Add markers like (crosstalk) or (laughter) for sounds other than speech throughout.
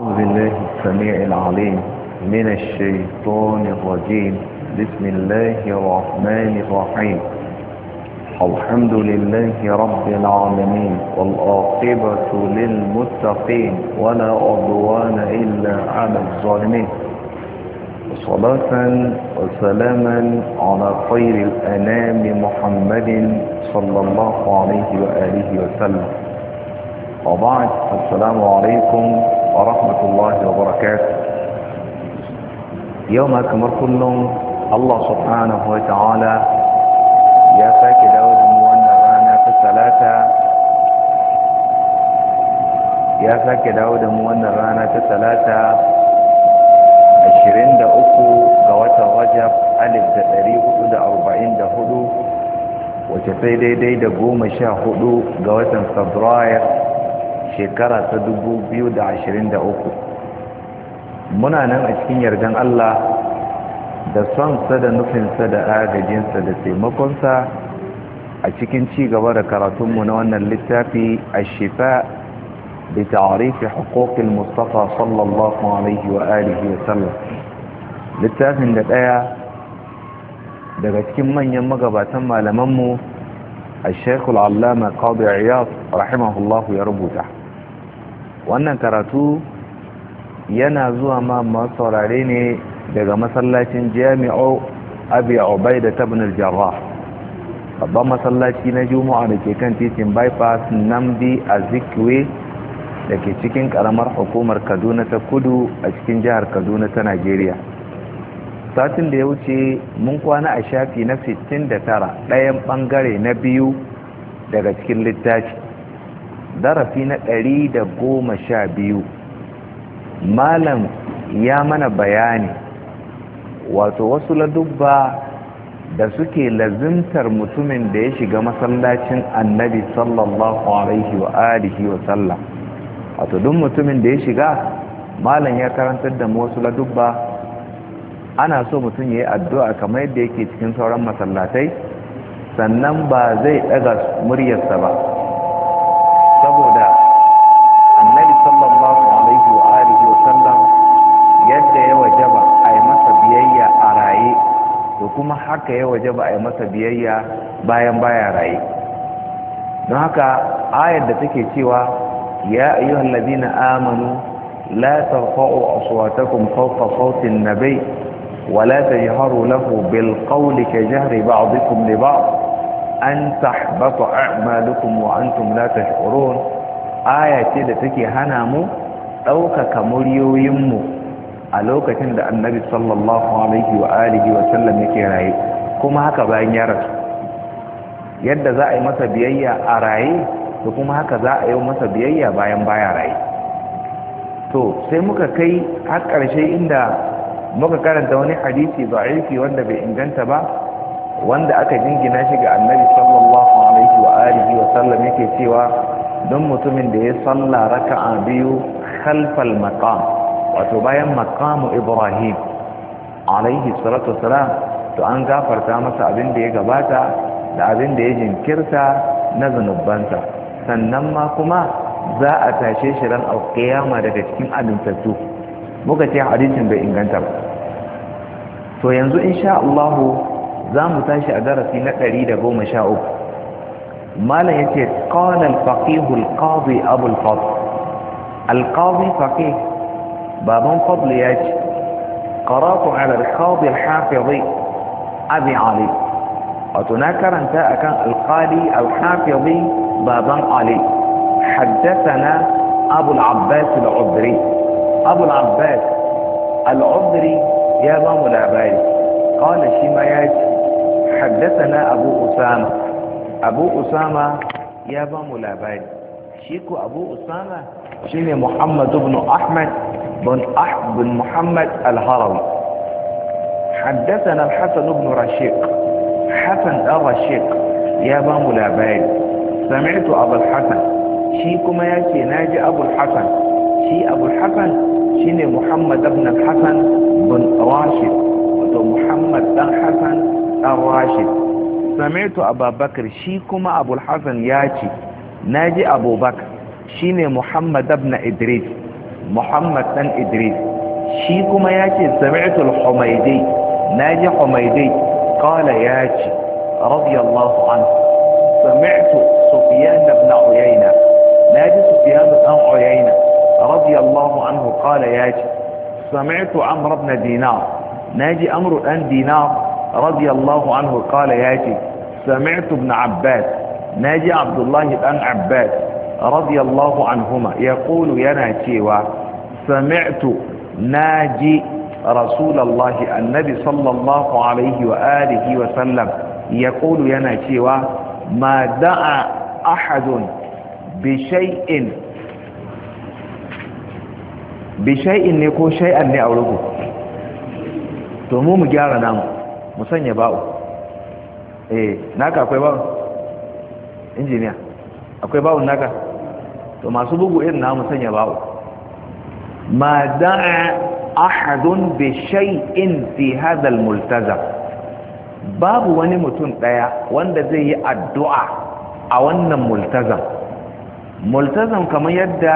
أعوذ بالله السميع العليم من الشيطان الرجيم بسم الله الرحمن الرحيم الحمد لله رب العالمين والآقبة للمتقين ولا عدوان إلا على الظالمين صلاة وسلاما على خير الأنام محمد صلى الله عليه وآله وسلم وبعد السلام عليكم ورحمة الله وبركاته يوم أكمر كلهم الله سبحانه وتعالى يا فاكي داود موانا رانا في الثلاثة يا فاكي داود موانا رانا في الثلاثة عشرين دا أكو قوات الرجب ألف دا تاريخ دا أربعين دا هدو وتفيدي دي دا قوم شاه هدو قوات فبراير shekara ta 2023 muna nan a cikin yardan Allah da sonsa da nufinsa da agajinsa da taimakonsa a cikin ci gaba da karatunmu na wannan littafi a shifa da ta'arifi haƙoƙin mustafa sallallahu alaihi wa alihi wa sallam littafin da ɗaya daga cikin manyan magabatan malamanmu a shekul allama qadi iyas rahimahullahu ya rubuta wannan karatu yana zuwa ma masaurare ne daga masallacin jami'o abu ya obai da tabinar jarrah babban masallaci na juma'a da ke kan titin bypass namdi a zikwe da ke cikin karamar hukumar kaduna ta kudu a cikin jihar kaduna ta nigeria satin da ya wuce mun kwana a shafi na 69 ɗayan bangare na biyu daga cikin littafi darasi na ɗari da goma sha biyu malam ya mana bayani wato wasu ladubba da suke lazimtar mutumin da ya shiga masallacin annabi sallallahu alaihi wa alihi wa sallam wato duk mutumin da ya shiga malam ya karantar da wasu ladubba ana so mutum ya yi addu'a kamar yadda yake cikin sauran masallatai sannan ba zai ɗaga muryarsa ba haka ya waje ba a yi masa biyayya bayan baya raye don haka ayar da take cewa ya hallabi na amanu la tarfa'u aswatakum fawqa sawti an-nabi wa la tajharu lahu bil qawli ka jahri ba'dikum li ba'd an tahbata a'malukum wa antum la tash'urun aya ce da take hana mu ɗaukaka muryoyinmu a lokacin da annabi sallallahu alaihi wa alihi wa sallam yake raye kuma haka bayan ya rasu yadda za a yi masa biyayya a raye da kuma haka za a yi masa biyayya bayan baya raye to sai muka kai har ƙarshe inda muka karanta wani hadisi da'ifi wanda bai inganta ba wanda aka jingina shi ga annabi sallallahu alaihi wa alihi wa sallam yake cewa don mutumin da ya salla raka'a biyu khalfal maqam wato bayan makamu ibrahim alaihi salatu wasalam to an gafarta masa abin da ya gabata da abin da ya jinkirta na zunubansa sannan ma kuma za a tashe shi ran alƙiyama daga cikin amintattu muka ce hadisin bai inganta ba to yanzu insha Allah za mu tashi a darasi na 113 malam yace qala al-faqih al-qadi abu al-fadl al-qadi faqih بابان قبل ياجي قرأت على القاضي الحافظي أبي علي وتناكر أنت أكان القاضي الحافظي بابان علي حدثنا أبو العباس العذري أبو العباس العذري يا بام العباس قال شيما ياجي حدثنا أبو أسامة أبو أسامة يا بام العباس شيكو أبو أسامة شيني محمد بن أحمد بن أحب بن محمد الهروي حدثنا الحسن بن رشيق حسن الرشيق يا بام الأباد سمعت أبو الحسن شي كما يأتي ناجي أبو الحسن شي أبو الحسن شيني محمد بن الحسن بن راشد وتو محمد بن حسن الراشد سمعت أبا بكر شي كما أبو الحسن يأتي ناجي أبو بكر شيني محمد بن إدريس muhammad dan idris shi kuma ya ce sami'tu al-humaydi naji humaydi qala ya ce radiyallahu anhu sami'tu sufyan ibn uyayna naji sufyan ibn uyayna radiyallahu anhu qala ya ce sami'tu amr ibn dinar naji amr dan dinar radiyallahu anhu qala ya ce sami'tu ibn abbas naji abdullah dan abbas radiyallahu anhuma yaqulu yana cewa sami'tu naji rasulullahi annabi sallallahu alaihi wa alihi wa sallam yaqulu yana cewa ma da'a ahadun bi ne ko shay'an ne a wurin to mu mu gyara namu mu sanya ba'u naka akwai ba'u injiniya akwai ba'un naka to masu bugu irin sanya ba'u ما دعا احد بشيء في هذا الملتزم باب وني متون دايا wanda zai yi addu'a a wannan multazam multazam kamar yadda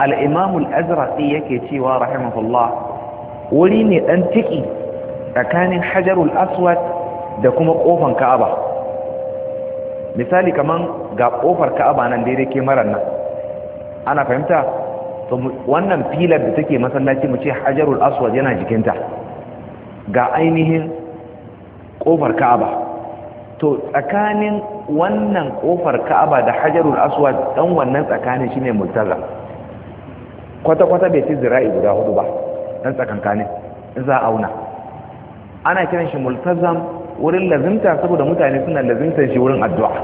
al-imam al-azraqi yake cewa rahimahullah wuri ne ɗan tiki tsakanin hajarul aswad da kuma kofar ka'aba misali kaman ga ƙofar ka'aba nan daidai ke maran nan ana fahimta wannan filar da take masallaci mu ce hajarul aswad yana jikinta ga ainihin kofar ka'aba to tsakanin wannan kofar ka'aba da hajarul aswad dan wannan tsakanin shine multaza kwata-kwata bai ci zira'i guda hudu ba dan tsakankanin za a auna ana kiran shi multazam wurin lazimta saboda mutane suna lazimta shi wurin addu'a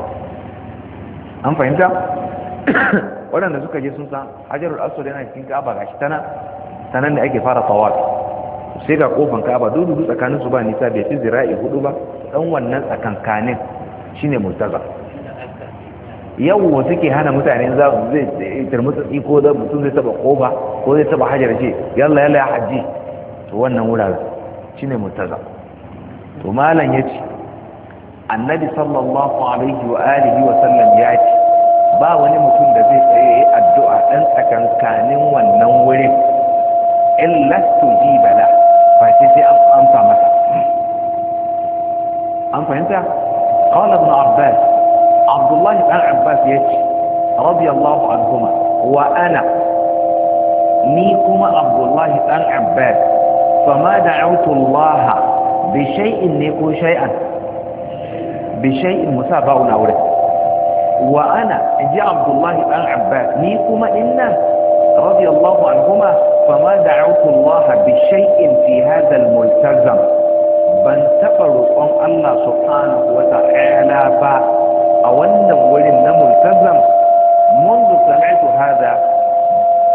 an fahimta (coughs) waɗanda suka je sun san hajarul aswad yana cikin ka'aba gashi tana sanan da ake fara tawafi sai ga kofan ka'aba dudu tsakanin su ba nisa bai fi zira'i hudu ba dan wannan tsakankanin shine murtaza yawo suke hana mutane za su zai turmutsa iko da mutum zai taba kofa ko zai taba hajjar ce yalla yalla ya hajji to wannan wurare shine murtaza to malam ce annabi sallallahu alaihi wa alihi wa sallam ya ba wani mutum da zai tsaye ya addu'a ɗan tsakankanin wannan wurin in lastu ji bala ba sai sai an amsa masa an fahimta qala ibn abbas abdullahi dan abbas ya ce radiyallahu anhuma wa ana ni kuma abdullahi dan abbas fama da'awtu allaha bi shay'in ne ko shay'an bi shay'in musaba'una wurin wa ana ji abdullahi an abbas ni kuma inna radiyallahu anhuma fama da'awtu allaha bi shay'in fi hadha al-multazam ban taɓa roƙon Allah subhanahu ba a wannan wurin na multazam منذ سمعت هذا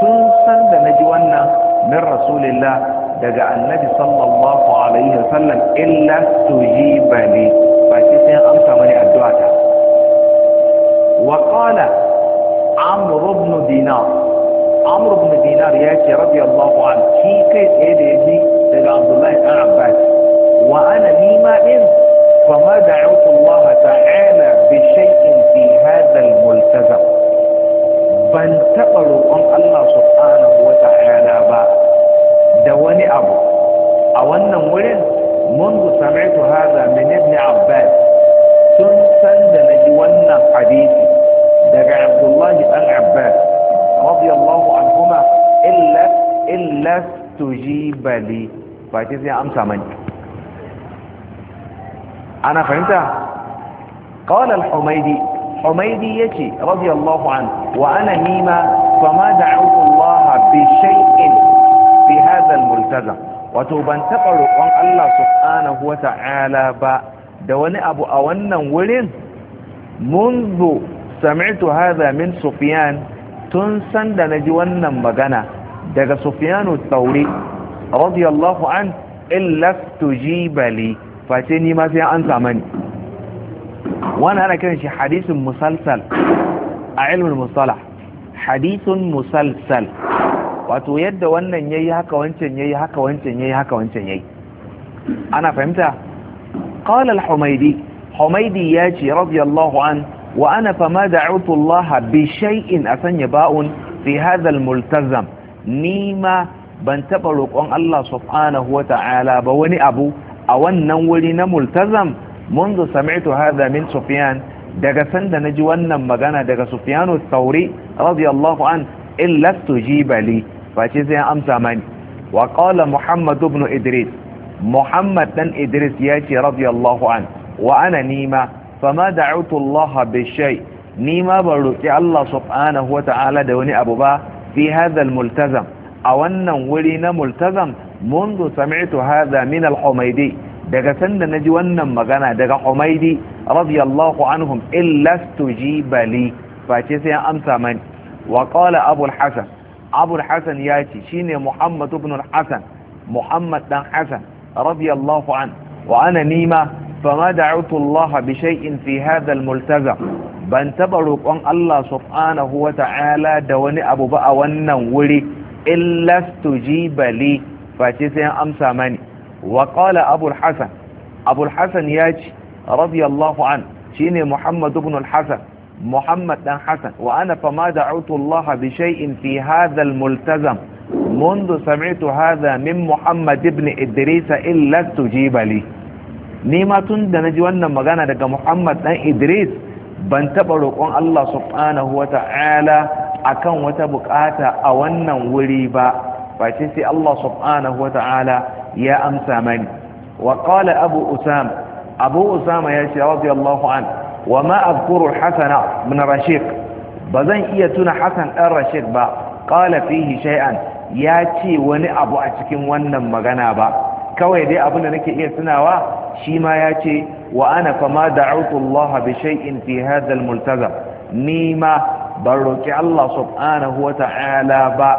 tun san da naji wannan min rasulillah daga annabi sallallahu alaihi wasallam illa tujibani ba sai an amsa mani addu'a ta وقال عمرو بن دينار عمرو بن دينار ياتي رضي الله عنه في كيس ايه يجي الى عبد الله بن عباس وانا نيما ان فما دعوت الله تعالى بشيء في هذا الملتزم بل تقلوا ان الله سبحانه وتعالى با دواني ابو abu a منذ سمعت هذا من ابن عباس tun da na ji wannan hadisi daga abdullahi dan abbas radiyallahu anhuma illa illa tujibali ba ce sai amsa mani ana fahimta qala al-humaydi humaydi yace radiyallahu an wa ana nima fa ma da'utu Allah bi shay'in fi hadha al-multazam wato ban taɓa roƙon Allah subhanahu wa ta'ala ba da wani abu a wannan wurin منذ سمعت هذا min سفيان tun san da naji wannan magana daga Sufyanu Tsauri radiyallahu an illa tujibali face ni ma sai an samu ni wannan ana kiran shi hadisin musalsal a ilmin mustalah hadisin musalsal wato yadda wannan yayi haka wancan yayi haka wancan yayi haka wancan yayi ana fahimta qala al-humaydi humaydi yace radiyallahu an wa ana fama da da'utu Allah bi a sanya ba'un fi hadha al-multazam nima ban taba roƙon Allah subhanahu wata'ala ba wani abu a wannan wuri na multazam منذ سمعت هذا من سفيان daga sanda na ji wannan magana daga sufiyanu tsauri radiyallahu an in lastu jibali face sai an amsa mani wa qala muhammad ibn idris muhammad dan idris ya ce radiyallahu an wa ana nima fama da'utu allah bi nima ban roki allah subhanahu wata'ala da wani abu ba fi hadha multazam a wannan wuri na multazam منذ سمعت هذا من الحميدي daga sanda ji wannan magana daga Humaydi radiyallahu anhum illa stujiba li face sai an amsa mani wa qala Abu al-Hasan Abu al-Hasan yace shine Muhammad ibn al-Hasan Muhammad dan Hasan radiyallahu an wa ana nima fama da Allah bi shay'in fi hadha al ban taɓa roƙon Allah subhanahu wa ta'ala da wani abu ba a wannan wuri In stujiba li face sai amsa mani wa qala Abu ya hasan Abu al-Hasan yace radiyallahu shine Muhammad ibn al-Hasan Muhammad ɗan Hasan wa ana fama da Allah bi shay'in fi hadha al-multazam منذ سمعت هذا من محمد بن إدريس إلا تجيب لي نيما تند نجي وانا مغانا دقا محمد بن إدريس ban taɓa roƙon Allah subhanahu wa ta'ala a kan wata bukata a wannan wuri ba face sai Allah subhanahu wa ta'ala ya amsa mani wa abu usam abu usama ya ce radiyallahu an wa ma abkuru hasana min rashik ba zan iya tuna hasan ɗan rashik ba ƙala fihi shai'an. ya ce wani abu a cikin wannan magana ba kawai dai abin da nake iya tunawa shi ma ya ce wa ana fama da'utu Allah bi shai'in fi hadal al-multaza ni ma ban roƙi Allah subhanahu ta'ala ba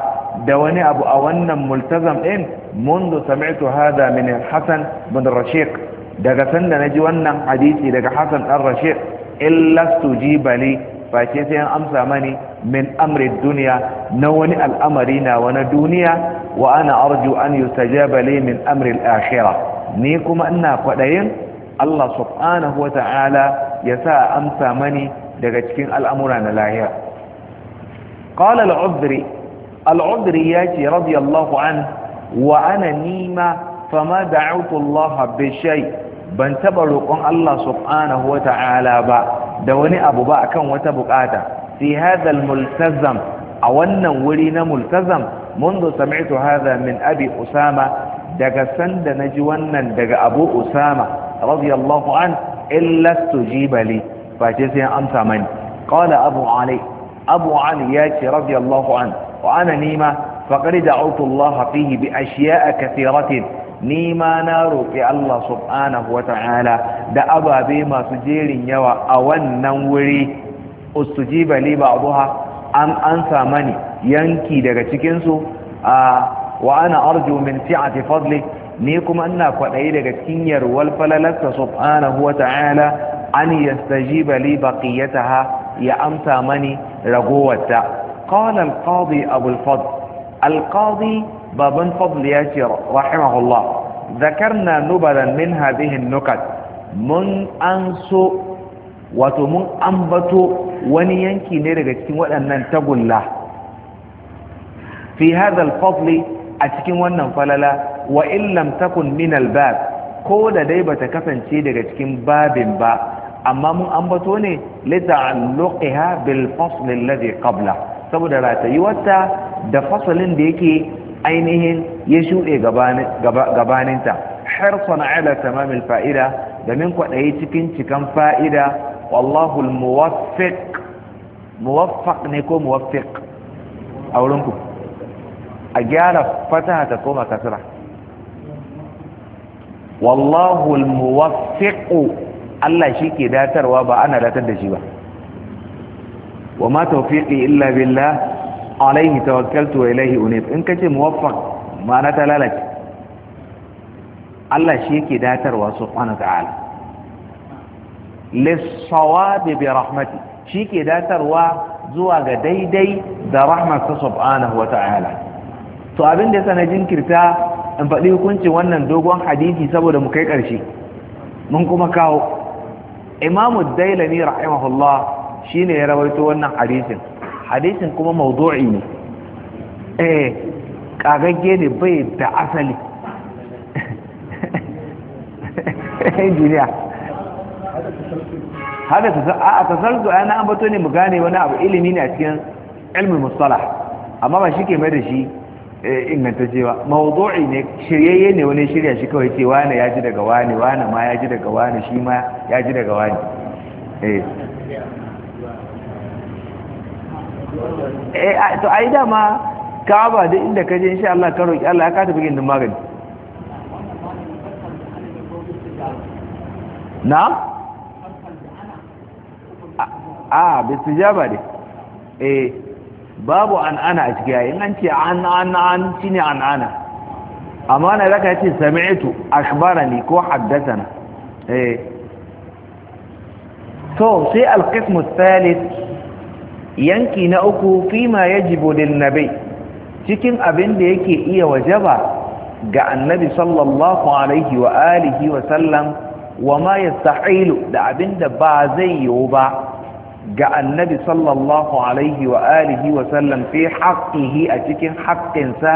da wani abu a wannan multazam din mundu samitu hada من hasan بن daga sanda naji wannan hadisi daga hasan dan Rashiq illa stujiba li fa ce sai an amsa mani min amri duniya na wani al'amari na wani duniya wa ana arju an yustajaba li min amri al-akhirah ni kuma ina kwaɗayin Allah subhanahu wa ta'ala ya sa amsa mani daga cikin al'amura na lahira qala al-udri al-udri radiyallahu an wa ana nima fama da Allah bi ban taɓa roƙon Allah subhanahu wa ta'ala ba da wani abu ba akan wata buƙata. fi hadha multazam a wannan wuri na multazam منذ سمعت هذا من أبي أسامة دقى سند نجوانا دقى أبو أسامة رضي الله عنه إلا استجيب لي فجزي أنت من قال أبو علي أبو علي ياتي رضي الله عنه وأنا نيمة فقد دعوت الله فيه بأشياء كثيرة نيمة نار في الله سبحانه وتعالى دا أبا بما سجير يوى أولا وري ustujiba li ba'daha an ansa mani yanki daga cikin su wa ana arju min fi'ati fadli ni kuma ina kwadayi daga cikin yarwal falalarsa subhanahu wata'ala an yastajiba li baqiyataha ya amsa mani ragowata qala al-qadi abu al-fadl al-qadi baban fadl yace rahimahullah ذكرنا نبلا من هذه النكت من أنسو wato mun ambato wani yanki ne daga cikin waɗannan tagulla fi hadal fadli a cikin wannan falala wa illam takun min albab ko da dai bata kasance daga cikin babin ba amma mun ambato ne ta'alluqiha bil fasl alladhi qabla saboda ratayuwarta da fasalin da yake ainihin ya shuɗe gabaninta harsan ala tamamil fa'ida da min kwaɗayi cikin cikan fa'ida wallahu almuwaffiq muwaffaq ne ko muwaffiq a wurinku. a gyara fataha ta koma kasra wallahu almuwaffiq Allah shi ke datarwa ba ana datar da shi ba wa ma tawfiqi illa billah alaihi tawakkaltu wa ilaihi unib in kace muwaffaq ma na lalace Allah shi yake datarwa subhanahu wa ta'ala lissawabi bi rahmati shi ke datarwa zuwa ga daidai da rahmatsa subhanahu wa ta'ala to abin da yasa na jinkirta in faɗi hukuncin wannan dogon hadisi saboda mu kai ƙarshe mun kuma kawo imamu dailani rahimahullah shine ya rawaito wannan hadisin hadisin kuma mawdu'i ne eh kagagge ne bai da asali (laughs) injiniya haka a tasarrufu a yana ambato ne mu gane wani abu ilimi ne a cikin ilmin mustalah amma ba shi ke mai da shi eh, inganta cewa mawdu'i ne shiryayye ne wani shirya shi kawai ce wani ya ji daga wani wani ma ya ji daga wani shi ma ya ji daga wani eh, eh to ai dama ka ba da inda ka je insha Allah ka roki Allah ya ka tafi gindin magani na a bisijaba ne eh, babu an'ana a cikin yayin an ce an an an shine amma na zaka yace sami'tu akhbarani ko haddathana eh to sai al-qism yanki na uku fima yajibu lin-nabi cikin abin da yake iya wajaba ga annabi sallallahu alaihi wa alihi wa sallam wa ma yastahilu da abin da ba zai yiwu ba ga annabi sallallahu alaihi wa alihi wa sallam fi haqqihi a cikin haƙƙinsa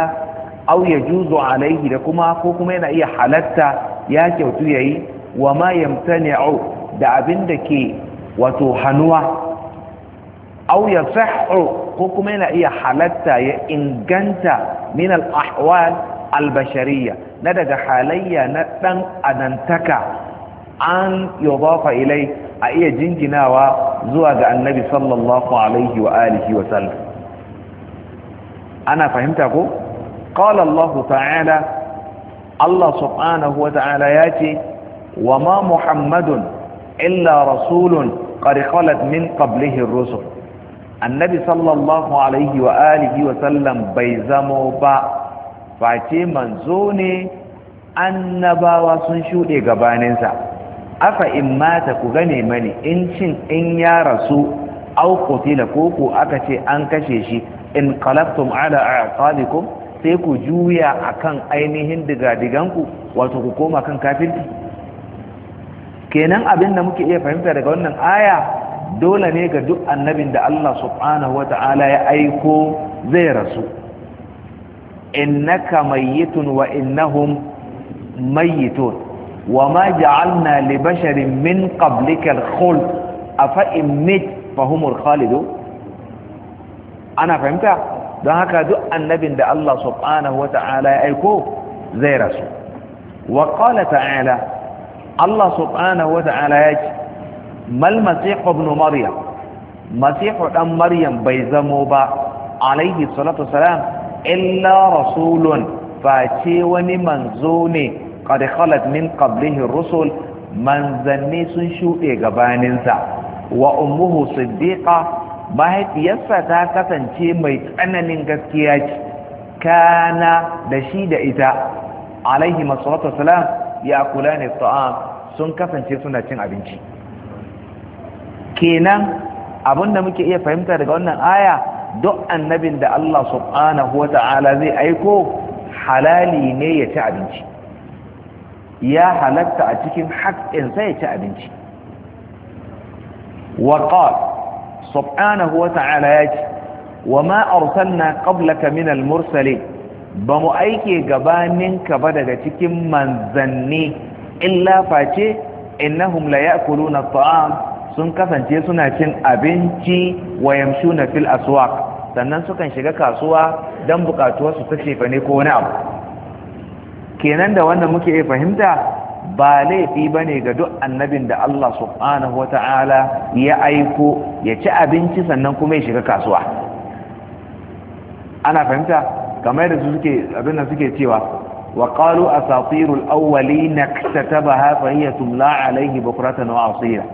ya yajuzu alaihi da kuma ko kuma yana iya halatta ya kyautu yayi wa ma yamtani'u da abin da ke wato hanuwa ya yasihhu ko kuma yana iya halatta ya inganta min al ahwal al bashariyya na daga halayya na dan adantaka an yudafa ilai a iya jinginawa zuwa ga annabi sallallahu alaihi wa alihi wa sallam ana fahimta ko qala Allah ta'ala Allah subhanahu wa ta'ala yace wa ma muhammadun illa rasulun qad khalat min qablihi ar-rusul annabi sallallahu alaihi wa alihi wa sallam bai zamo ba face manzo ne annabawa sun shude gabaninsa afa in mata ku gane mani in cin in ya rasu au qutila ko ku aka ce an kashe shi in qalabtum ala aqabikum sai ku juya akan ainihin digadiganku wato ku koma kan kafirci kenan abin da muke iya fahimta daga wannan aya dole ne ga duk annabin da Allah subhanahu wata'ala ya aiko zai rasu innaka mayyitun wa innahum mayyitun wa ma ja'alna li basharin min qablika al-khuld afa imit fahumul khalidu ana fahimta don haka duk annabin da Allah subhanahu wata'ala ya aiko zai rasu wa qala ta'ala Allah subhanahu wata'ala ya ce mal masih ibn maryam masih dan maryam bai zamo ba alaihi salatu illa rasulun face wani manzo ne qad khalat min qablihi rusul manzanni sun shuɗe gabaninsa wa ummuhu siddiqa mahaifiyarsa ta kasance mai tsananin gaskiya ce kana da shi da ita alaihi masalatu wasalam ya kula sun kasance suna cin abinci kenan abinda muke iya fahimta daga wannan aya duk annabin da Allah subhanahu Ta'ala zai aiko halali ne ya ci abinci ya halatta a cikin haƙƙinsa ya ci abinci waƙar subhanahu wa ta'ala ya ce wa ma arsalna qablaka min al-mursalin ba mu aike gabaninka ba daga cikin manzanni illa face innahum la ya'kuluna at-ta'am sun kasance suna cin abinci wa yamshuna fil aswaq sannan sukan shiga kasuwa dan bukatuwarsu ta shefa ne ko wani abu kenan da wanda muke fahimta ba laifi ba ne ga duk annabin da Allah subhanahu wata'ala ya aiko ya ci abinci sannan kuma ya shiga kasuwa ana fahimta kamar da suke suke cewa wa qalu asatirul awwali katabaha fa hiya tumla alayhi bukratan wa asira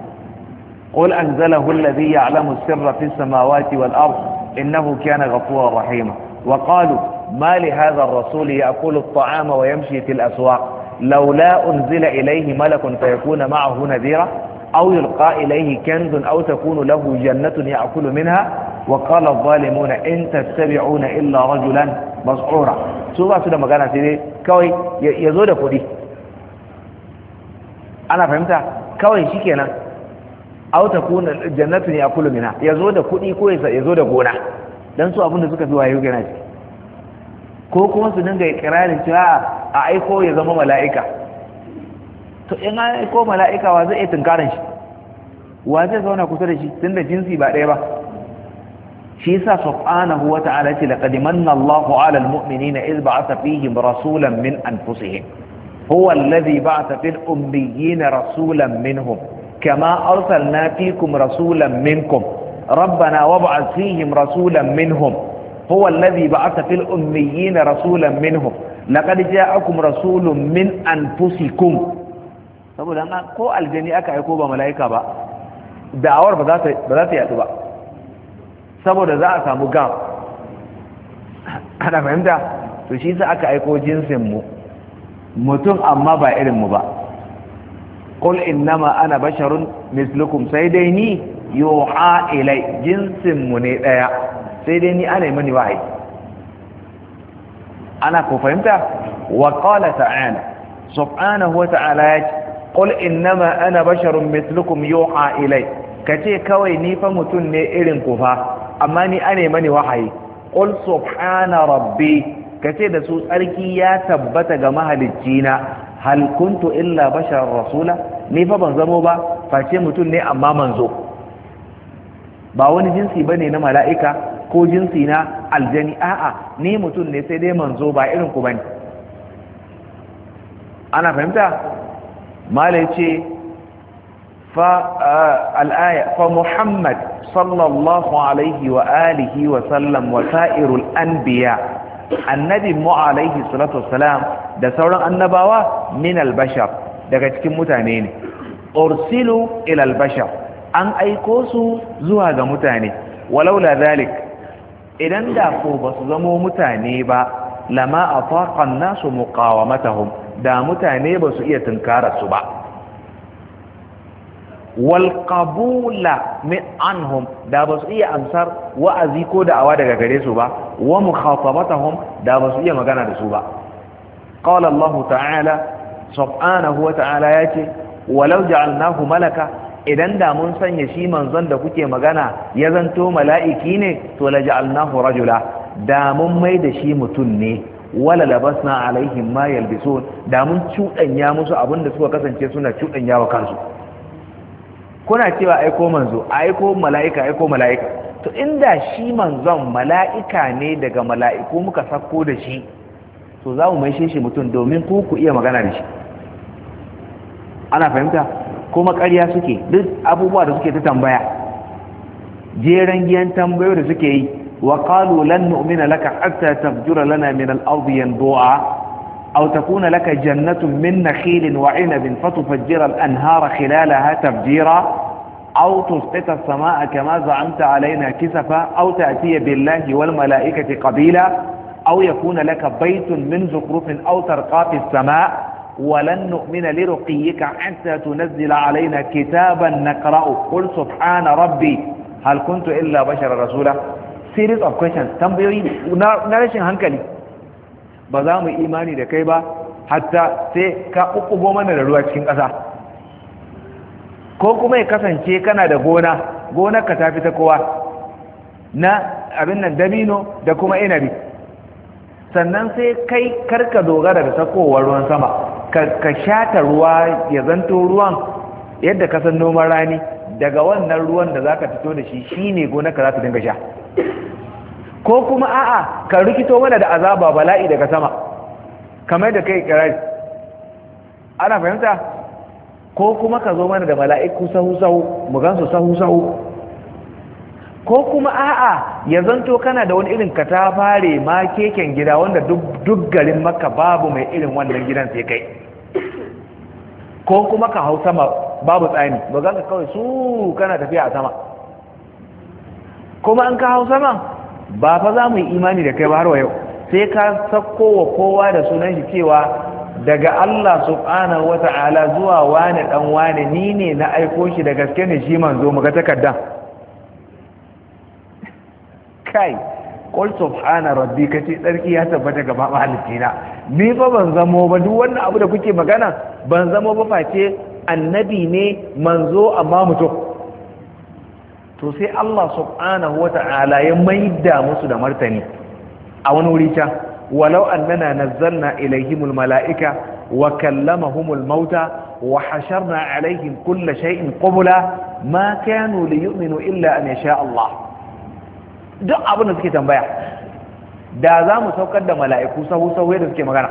qul anzalahu alladhi ya'lamu sirra fis samawati wal ard innahu kana ghafurur rahima wa qalu ما لهذا الرسول يأكل الطعام ويمشي في الأسواق لو لا أنزل إليه ملك فيكون معه نذيرا أو يلقى إليه كنز أو تكون له جنة يأكل منها وقال الظالمون إن تتبعون إلا رجلا مسعورا سوف أسود مقانا سيدي كوي يزود كودي أنا فهمتها كوي شكينا أو تكون الجنة يأكل منها يزود كودي كويسة يزود كونا لن سوف abin da suka fi ko kuma su dinga ikirarin cewa a aiko ya zama mala'ika to in an aiko mala'ika wa zai iya tunkarin shi wa zai zauna kusa da shi tun da jinsi ba ɗaya ba shi yasa subhanahu wa ta'ala ce laqad manna Allahu 'ala al-mu'minina idh ba'atha fihim rasulan min anfusihim huwa alladhi ba'atha fil ummiyina rasulan minhum kama arsalna fikum rasulan minkum rabbana wab'ath fihim rasulan minhum هو الذي بعث في الأميين رسولا منهم لقد جاءكم رسول من أنفسكم saboda an ko aljani aka aiko ba mala'ika ba da'awar ba za ta yadu ba saboda za a samu gam ana fahimta to shi sa aka aiko jinsin mu, mutum amma ba irin mu ba qul innama ana basharun mislukum sai dai ni yuha ilai jinsinmu ne daya sai dai ni ana yi mani wahayi ana ku fahimta wa qala ta'ala subhanahu wa ta'ala ya ce qul innama ana basharun mithlukum yuha ilai kace kawai ni fa mutum ne irin ku fa amma ni ana yi mani wahayi qul subhana rabbi kace da su tsarki ya tabbata ga mahaliccina hal kuntu illa bashar rasula ni fa ban zamo ba face mutum ne amma manzo ba wani jinsi bane na mala'ika ko jinsi na aljani a'a ni mutum ne sai dai manzo ba irin ku bane ana fahimta mala ce fa al'aya fa muhammad sallallahu alaihi wa alihi wa sallam wa sa'irul anbiya annabi mu alaihi salatu wassalam da sauran annabawa min albashar daga cikin mutane ne ursilu ila albashar an aiko su zuwa ga mutane walaula zalik idan da ko ba su zamo mutane ba lama a faƙon nasu muƙawamatahum da mutane ba su iya tunkararsu ba walƙabula min anhum da ba su iya amsar wa'azi ko da'awa daga gare su ba wa mukhatabatahum da ba su iya magana da su ba qala Allah ta'ala subhanahu wa ta'ala yace walau ja'alnahu malaka idan da mun sanya shi manzon da kuke magana ya zanto mala'iki ne to la ja'alnahu rajula da mun mai da shi mutum ne wala labasna alaihim ma yalbisun da mun cuɗanya musu abin da suka kasance suna cuɗanya wa kansu kuna cewa aiko manzo aiko mala'ika aiko mala'ika to inda shi manzon mala'ika ne daga mala'iku muka sako da shi to za mu maishe shi mutum domin ku ku iya magana da shi ana fahimta kuma ƙarya suke duk abubuwa da suke ta tambaya jeran giyan tambayo da suke yi wa qalu lan nu'mina laka hatta tafjura lana min al-ardi yanbu'a aw takuna laka jannatun min nakhilin wa 'inabin fatufajjira al-anhara khilalaha tafjira aw tusqita أو تسقط السماء كما زعمت علينا كسفا أو تأتي بالله والملائكة قبيلا أو يكون لك بيت من زخرف أو ترقى as-samaa'a ولن نؤمن لرقيك حتى تنزل علينا كتابا نقرأه قل سبحان ربي هل كنت إلا بشر رسولا series of questions tambayoyi na rashin hankali ba za mu imani da kai ba hatta sai ka ukkugo mana ruwa cikin ƙasa ko kuma ya kasance kana da gona gonar ka tafi ta kowa na abin nan dabino da kuma inabi sannan sai kai kar ka dogara da sakowar ruwan sama ka shata ruwa ya zanto ruwan yadda ka san noman rani daga wannan ruwan da za ka fito da shi shi ne gonarka za ta dinga sha ko kuma a'a ka rikito mana da azaba bala'i daga sama kamar da kai kirari ana fahimta ko kuma ka zo mana da mala'iku sahu-sahu mu gan su sahu-sahu ko kuma a'a ya zanto kana da wani irin ka ta fare ma keken gida wanda duk garin maka babu mai irin wannan gidan sai kai ko kuma ka hau sama babu tsani ba za ka kawai su kana tafiya a sama kuma an ka hau sama ba fa za mu yi imani da kai ba har wa yau sai ka sako wa kowa da sunan shi cewa daga Allah subhanahu wata'ala zuwa wane dan wane ni ne na aiko shi da gaske ne shi manzo mu ga takardan kai qul subhana rabbi kace tsarki ya tabbata gaba mahalicina ni fa ban zamo ba duk wannan abu da kuke magana ban zamo ba face annabi ne manzo amma mutum to sai Allah subhanahu wata'ala ya maida musu da martani a wani wuri can walau annana nazzalna ilaihimul mala'ika wa kallamahumul mauta وحشرنا عليهم كل شيء قبلا ما كانوا ليؤمنوا إلا أن يشاء Allah. duk abin da suke tambaya da za mu saukar da mala'iku sahu sahu da suke magana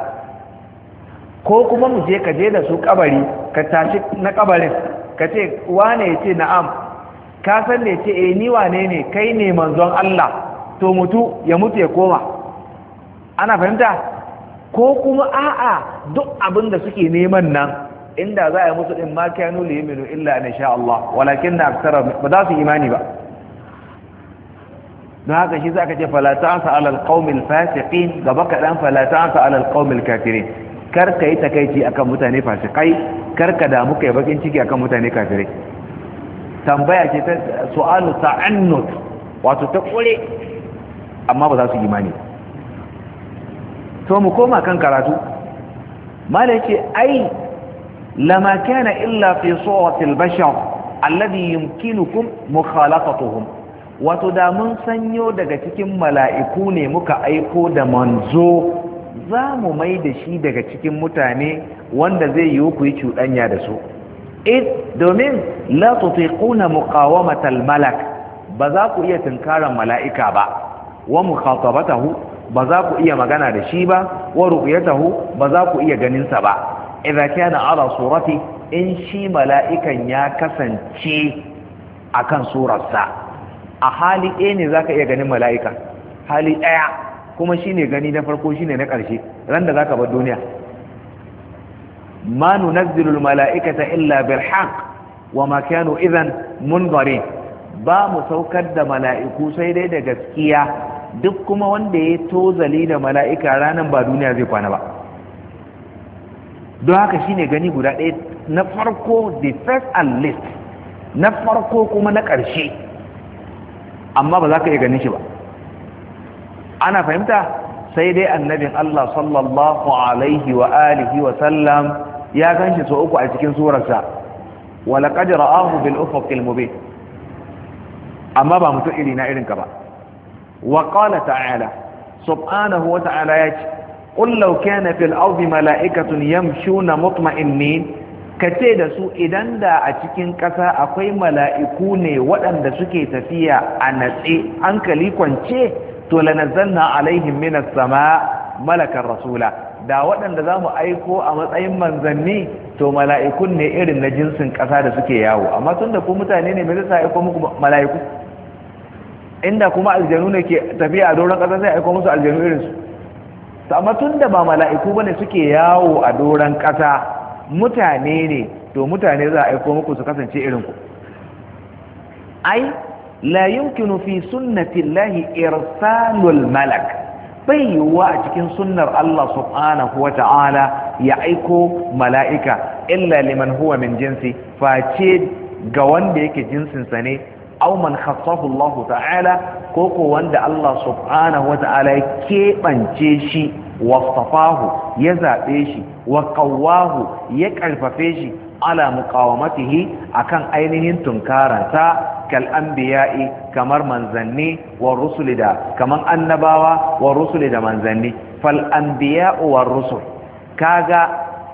ko kuma mu je ka je da su kabari ka tashi na kabarin ka ce wane ya ce na'am ka san ya ce eh ni wane ne kai ne manzon Allah to mutu ya mutu ya koma ana fahimta ko kuma a'a duk abin da suke neman nan inda za a yi musu din ma kanu li illa na sha Allah walakin na aksara ba za su imani ba don haka shi za ka ce falatansa alal qaumil fasiqin gaba kaɗan falatansa alal qaumil kafirin kar ka yi takaici akan mutane fasikai kar ka damu kai bakin ciki akan mutane kafirai tambaya ce ta su'alu ta'annut wato ta kure amma ba za su imani to mu koma kan karatu malai ce ai lama kana illa fi suratil bashar alladhi yumkinukum mukhalatatuhum wato da mun sanyo daga cikin mala'iku ne muka aiko da manzo za mu mai da shi daga cikin mutane wanda zai yi ku yi cuɗanya da su id eh, domin la ƙuna muqawamatal malak ba za ku iya tunkaran mala'ika ba wa hu ba za ku iya magana da shi ba wa hu ba za ku iya ganinsa ba ba kya kana ala surati in shi mala'ikan ya kasance a akan surarsa a hali ɗaya ne za ka iya ganin mala'ika hali ɗaya kuma shi ne gani na farko shi ne na ƙarshe ran da za ka bar duniya ma mala'ika ta illa bil wa makiyano izan mungare ba mu saukar da mala'iku sai dai da gaskiya duk kuma wanda ya tozali da mala'ika ranar ba duniya zai kwana ba don haka shi ne gani guda ɗaya na farko the first and least, na farko kuma na ƙarshe amma ba za ka iya ganin shi ba ana fahimta sai dai annabin Allah sallallahu alaihi wa alihi wa sallam ya ganshi sau uku a cikin surarsa wa laqad ra'ahu bil ufuqil mubin amma ba mutum iri na irinka ba wa qala ta'ala subhanahu wa ta'ala ya ce qul law kana fil ardi mala'ikatun yamshuna mutma'innin ka ce da su idan da a cikin ƙasa akwai mala'iku ne waɗanda suke tafiya a natse hankali kwance to na alaihim minas sama malakar rasula da waɗanda za mu aiko a matsayin manzanni to mala'ikun ne irin na jinsin ƙasa da suke yawo amma tun da ku mutane ne mai zai aiko muku mala'iku inda kuma aljanu ne ke tafiya a doron ƙasa sai aiko musu aljanu irinsu amma tun da ba mala'iku ne suke yawo a doron ƙasa mutane ne to mutane za a aiko muku su kasance irin ku ai la yumkinu fi sunnati llahi irsalul malak bai yiwuwa a cikin sunnar Allah subhanahu wa ta'ala ya aiko mala'ika illa liman huwa min jinsi face ga wanda yake jinsinsa ne aw man khassahu Allah ta'ala ko ko wanda Allah subhanahu wa ta'ala ya keɓance shi wasafahu ya zaɓe shi wa ya ƙarfafe shi ala muqawamatihi akan ainihin tunkaranta kal anbiya'i kamar manzanni wa rusuli da kamar annabawa wa rusuli da manzanni fal anbiya'u war rusul kaga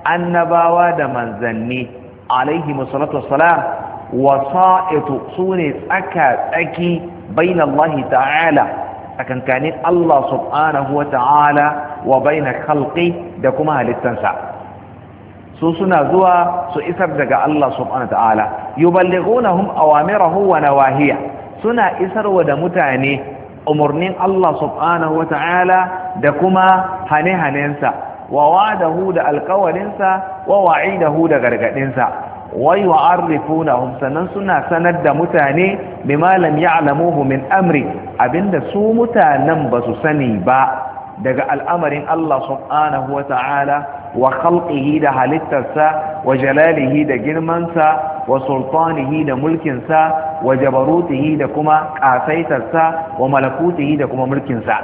annabawa da manzanni alaihi musallatu wassalam wasa'itu sune tsaka tsaki bainallahi ta'ala tsakankanin Allah subhanahu wa ta'ala wa baina khalqi da kuma halittansa su suna zuwa su isar daga Allah subhanahu wa ta'ala yuballighunahum awamirahu wa nawahiya suna isarwa da mutane umurnin Allah subhanahu wa ta'ala da kuma hane-hanensa wa wa'adahu da alƙawarinsa wa wa'idahu da gargadinsa wai yu'arrifuna hum sannan suna sanar da mutane bima lam ya'lamuhu min amri abinda su mutanen ba su sani ba daga al'amarin Allah subhanahu wa ta'ala wa khalqihi da halittarsa wa jalalihi da girmansa wa sultanihi da mulkinsa wa jabarutihi da kuma ƙasaitarsa wa malakutihi da kuma mulkinsa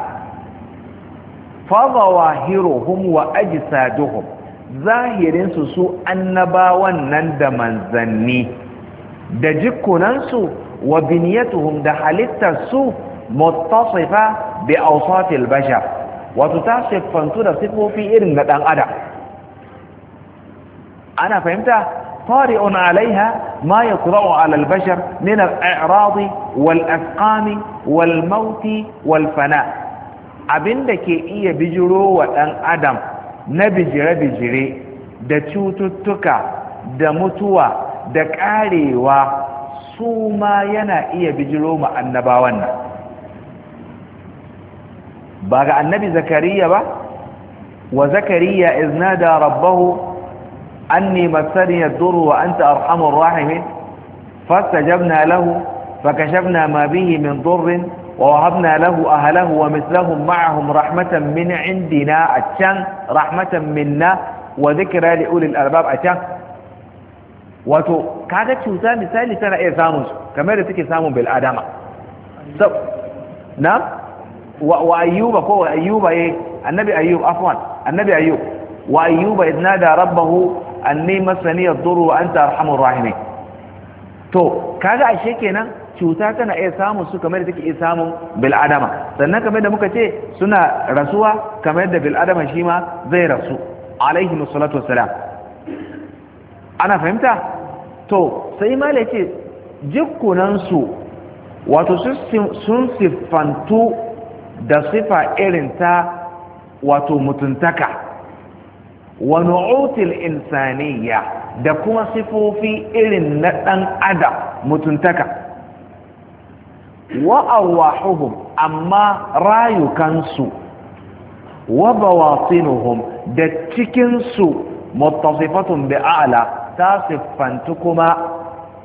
fa zawahiruhum wa ajsaduhum zahirinsu su annabawan nan da manzanni da jikunansu wa biniyatuhum da halittarsu muttasifa bi awsatil bashar wato ta siffantu da sifofi irin na dan adam ana fahimta طارئ alaiha, ما يطرأ على ninar من wal والأسقام والموت والفناء abinda ke iya bijiro wa ɗan adam na bijire-bijire da cututtuka da mutuwa da karewa su ma yana iya bijiro mu annabawan nan ba ga annabi zakariya ba wa zakariya iznada rabbahu anni masani ad-durru an anta arhamur rahimin jabna lahu fakashafna ma bihi min durrin ووهبنا له أهله ومثلهم معهم رحمة من عندنا أتشان رحمة منا وذكرى لأولي الألباب أتشان wato kaga cuta misali tana iya samun su kamar da suke samun bil adama so na wa, wa ayyuba ko wa ayyuba ye annabi ayyub afwan annabi ayyub wa ayyuba idna da rabbahu anni masani yadur wa anta arhamur rahimin to kaga ashe kenan cuta tana iya samun su kamar da take iya samun bil'adama sannan kamar da muka ce suna rasuwa kamar da bil'adama shi ma zai rasu alaihi musallatu wassalam ana fahimta to sai ma ce jikunansu wato sun siffantu da sifa irin ta wato mutuntaka wa nu'util insaniyya da kuma sifofi irin na ɗan adam mutuntaka wa arwahuhum amma rayukansu wa bawatinuhum da cikinsu muttasifatun bi a'la ta siffantu kuma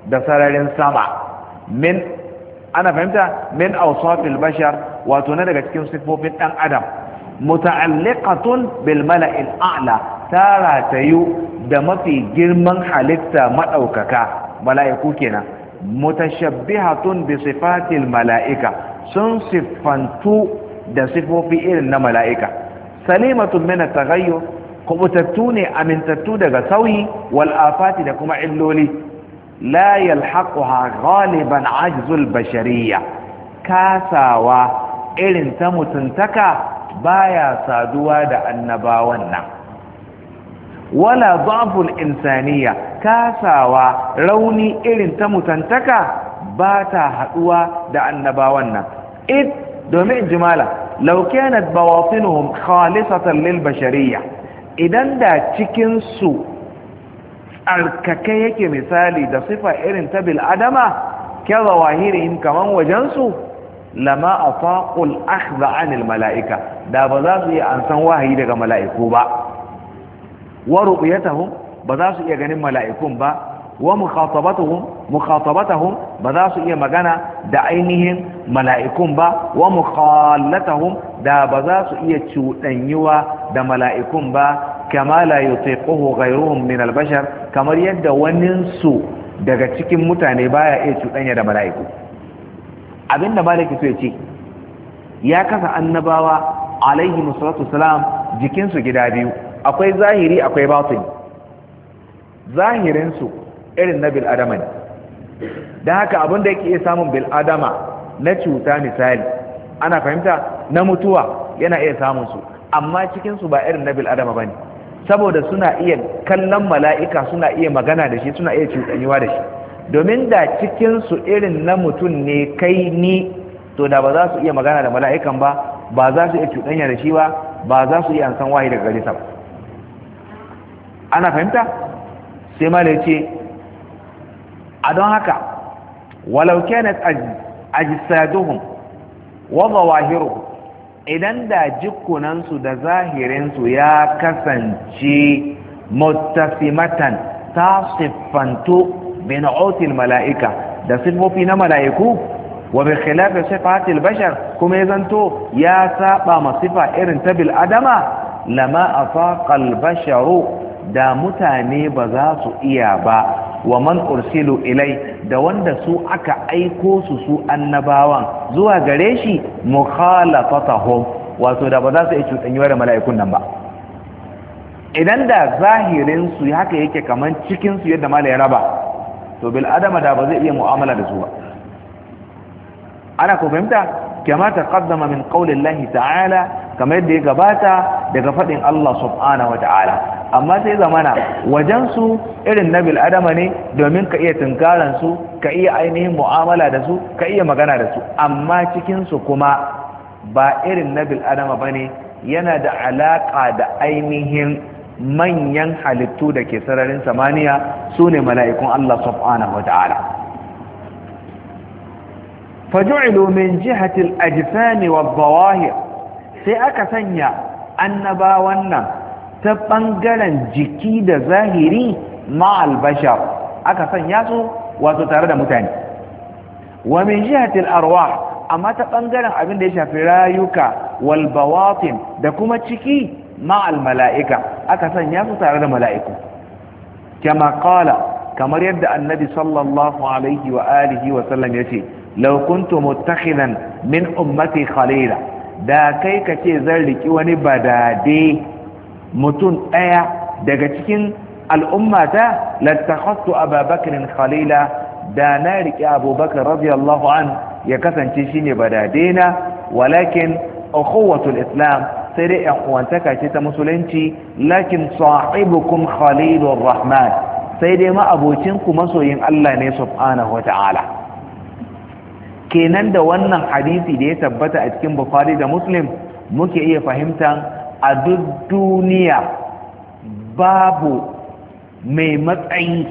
da sararin sama min ana fahimta min awsafil bashar wato na daga cikin siffofin dan adam muta'alliqatun bil mala'il a'la ta ratayu da mafi girman halitta madaukaka mala'iku kenan mutashabbihatun bi sifatil mala'ika sun siffantu da sifofi irin na mala'ika salimatun min at-taghayyur kubutattu ne amintattu daga sauyi wal afati da kuma illoli la yalhaquha ghaliban ajzul bashariyya kasawa irin ta mutuntaka baya saduwa da annabawan nan wala zaful insaniya kasawa rauni irin ta mutantaka ba ta haɗuwa da annabawan nan id domin jimala laukanat bawatinuhum khalisatan lil bashariyya idan da cikin su tsarkake yake misali da sifa irin ta bil'adama adama kaza wahirin kaman wajen su lama afaqul akhdha anil malaika da ba za su yi an san wahayi daga mala'iku ba wa ru'yatahum ba za su iya ganin mala'ikun ba wa mukhatabatuhum mukhatabatuhum ba za su iya magana da ainihin mala'ikun ba wa mukhallatuhum da ba za su iya cuɗanyuwa da mala'ikun ba kama la yutiquhu ghayruhum min al-bashar kamar yadda su daga cikin mutane baya iya cuɗanya da mala'iku abinda malaki so ya ce ya kasa annabawa alaihi musallatu salam jikinsu gida biyu akwai zahiri akwai batini zahirinsu irin na bil'adama ne da haka abin da yake iya samun bil'adama na cuta misali ana fahimta na mutuwa yana iya samun su amma cikinsu ba irin na bil'adama ba ne saboda suna iya kallon mala'ika suna iya magana da shi suna iya cutanyewa da shi domin da cikinsu irin na mutum ne kai ni to da ba za su iya magana da mala'ikan ba ba za su iya cutanya da shi ba ba za su iya an san wahi daga gare sa ba ana fahimta sai mala ce a don haka walau kanat ajsaduhum wa wahiru, idan da jikunansu da zahirinsu ya kasance muttasimatan ta siffanto bin otil mala'ika da siffofi na mala'iku wa bi khilafi sifatil bashar kuma ya zanto ya saba ma sifa irin ta bil adama lama afaqa basharu da mutane ba za su iya ba wa man ursilu ilai da wanda su aka aiko su su annabawan zuwa gare shi mukhalafatahum wato da ba za su yi cuɗanyuwa da mala'ikun nan ba idan da zahirin su haka yake kaman cikin su yadda mala ya raba to bil adama da ba zai iya mu'amala da su ba ana ko fahimta kama taqaddama min qaulillahi ta'ala kamar yadda ya gabata daga fadin Allah subhanahu wa ta'ala amma sai zamana wajensu irin na bil'adama ne domin ka iya tunkaransu ka iya ainihin mu'amala da su ka iya magana da su amma cikinsu kuma ba irin na bil'adama ba ne yana da alaƙa da ainihin manyan halittu da ke sararin samaniya su ne mala'ikun Allah subhanahu wa ta'ala faju'ilu min jihatil ajsami wa zawahir sai aka sanya annaba wannan. ta ɓangaren jiki da zahiri ma'al bashar aka sanya su wato tare da mutane wa min jihatil arwa amma ta ɓangaren abin da ya shafi rayuka wal bawatin da kuma ciki ma'al mala'ika aka sanya su tare da mala'iku kama qala kamar yadda annabi sallallahu alaihi wa alihi wa sallam yace law kuntu muttakhidan min ummati khalila da kai kace zan riki wani badade mutum ɗaya daga cikin al'ummata lattakhattu ababakarin khalila da na riƙe abubakar radiyallahu an ya kasance shine badadena walakin ukuwatul islam sai dai uwantaka ce ta musulunci lakin sahibukum khalilur rahman sai dai ma abokinku masoyin Allah ne subhanahu ta'ala. kenan da wannan hadisi da ya tabbata a cikin bukhari da muslim muke iya fahimtan a duk duniya babu mai matsayi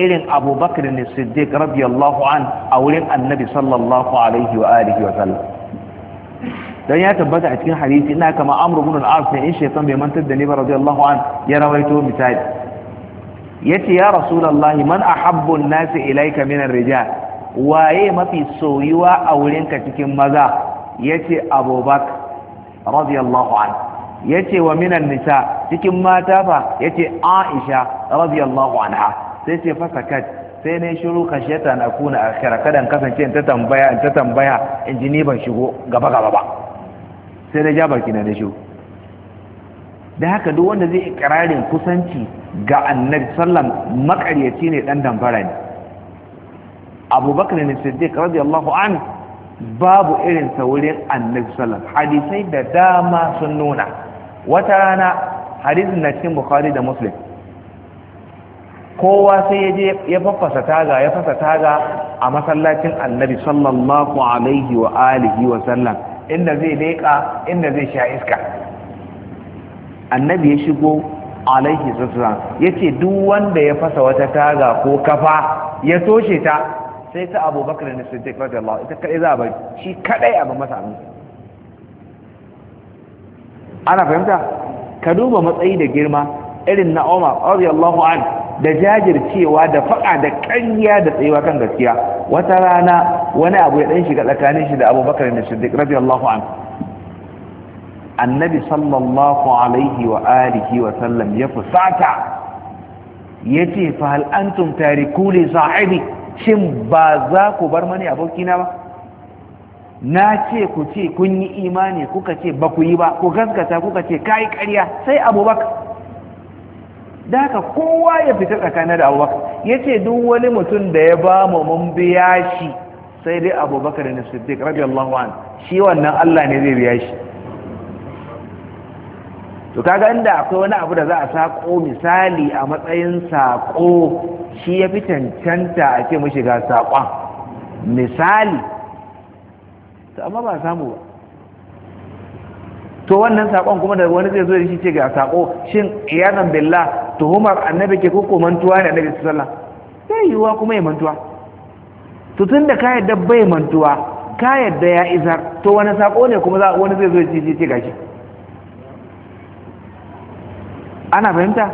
irin abubakar ne siddiq radiyallahu an a wurin annabi sallallahu alaihi wa alihi wa sallam dan ya tabbata a cikin hadisi ina kama amru ibn al-as ne in shaytan bai mantar da ni ba radiyallahu an ya rawaito misali yace ya rasulullahi man ahabbu an-nas ilayka min ar-rijal waye mafi soyuwa a wurinka cikin maza yace abubakar radiyallahu anha yace wa minan nisa cikin mata fa yace Aisha radiyallahu anha sai ce fasakat sai ne shiru kashiyata na kuna akhira kadan kasance in ta tambaya in ta tambaya in ji ni ban shigo gaba gaba ba sai da jabar kina da shi. da haka duk wanda zai ikirarin kusanci ga annabi sallam makaryaci ne dan damfara ne abubakar ne siddiq radiyallahu anhu babu irin ta wurin annabi sallallahu hadisai da dama sun nuna wata rana hadisin na cikin bukhari da muslim kowa sai ya je ya faffasa taga ya fasa taga a masallacin annabi sallallahu alaihi wa alihi wa sallam inda zai leƙa inda zai sha iska annabi ya shigo alaihi sallam ya ce duk wanda ya fasa wata taga ko kafa ya toshe ta sai ta abubakar na siddiq radiyallahu ita kadai za a bari shi kadai abin masa abin ana fahimta ka duba matsayi da girma irin na Umar radiyallahu an da jajircewa da faɗa da ƙarya da tsayuwa kan gaskiya wata rana wani abu ya ɗan shiga tsakanin shi da abubakar na siddiq radiyallahu an annabi sallallahu alaihi wa alihi wa sallam ya fusata ya ce fa hal antum tariku li sahibi shin ba za ku bar mani abokina ba na ce ku ce kun yi imani kuka ce ba ku yi ba ku gaskata kuka ce kayi karya sai abubakar da haka kowa ya fita tsakanin da abubakar ya ce duk wani mutum da ya ba mu mun biya shi sai dai abubakar da siddiq radiyallahu an shi wannan allah ne zai biya shi to kaga inda akwai wani abu da za a sako misali a matsayin sako shi ya fi cancanta a ce mashi ga sakon misali to amma ba samu ba to wannan sakon kuma da wani zai zo da shi ce ga sako shin iyanan billah tuhumar annabi ke ko mantuwa ne annabi sallallahu alaihi yiwuwa kuma ya mantuwa to tunda ka yadda bai mantuwa ka yadda ya izar to wani sako ne kuma wani zai zo da shi ce shi. ana fahimta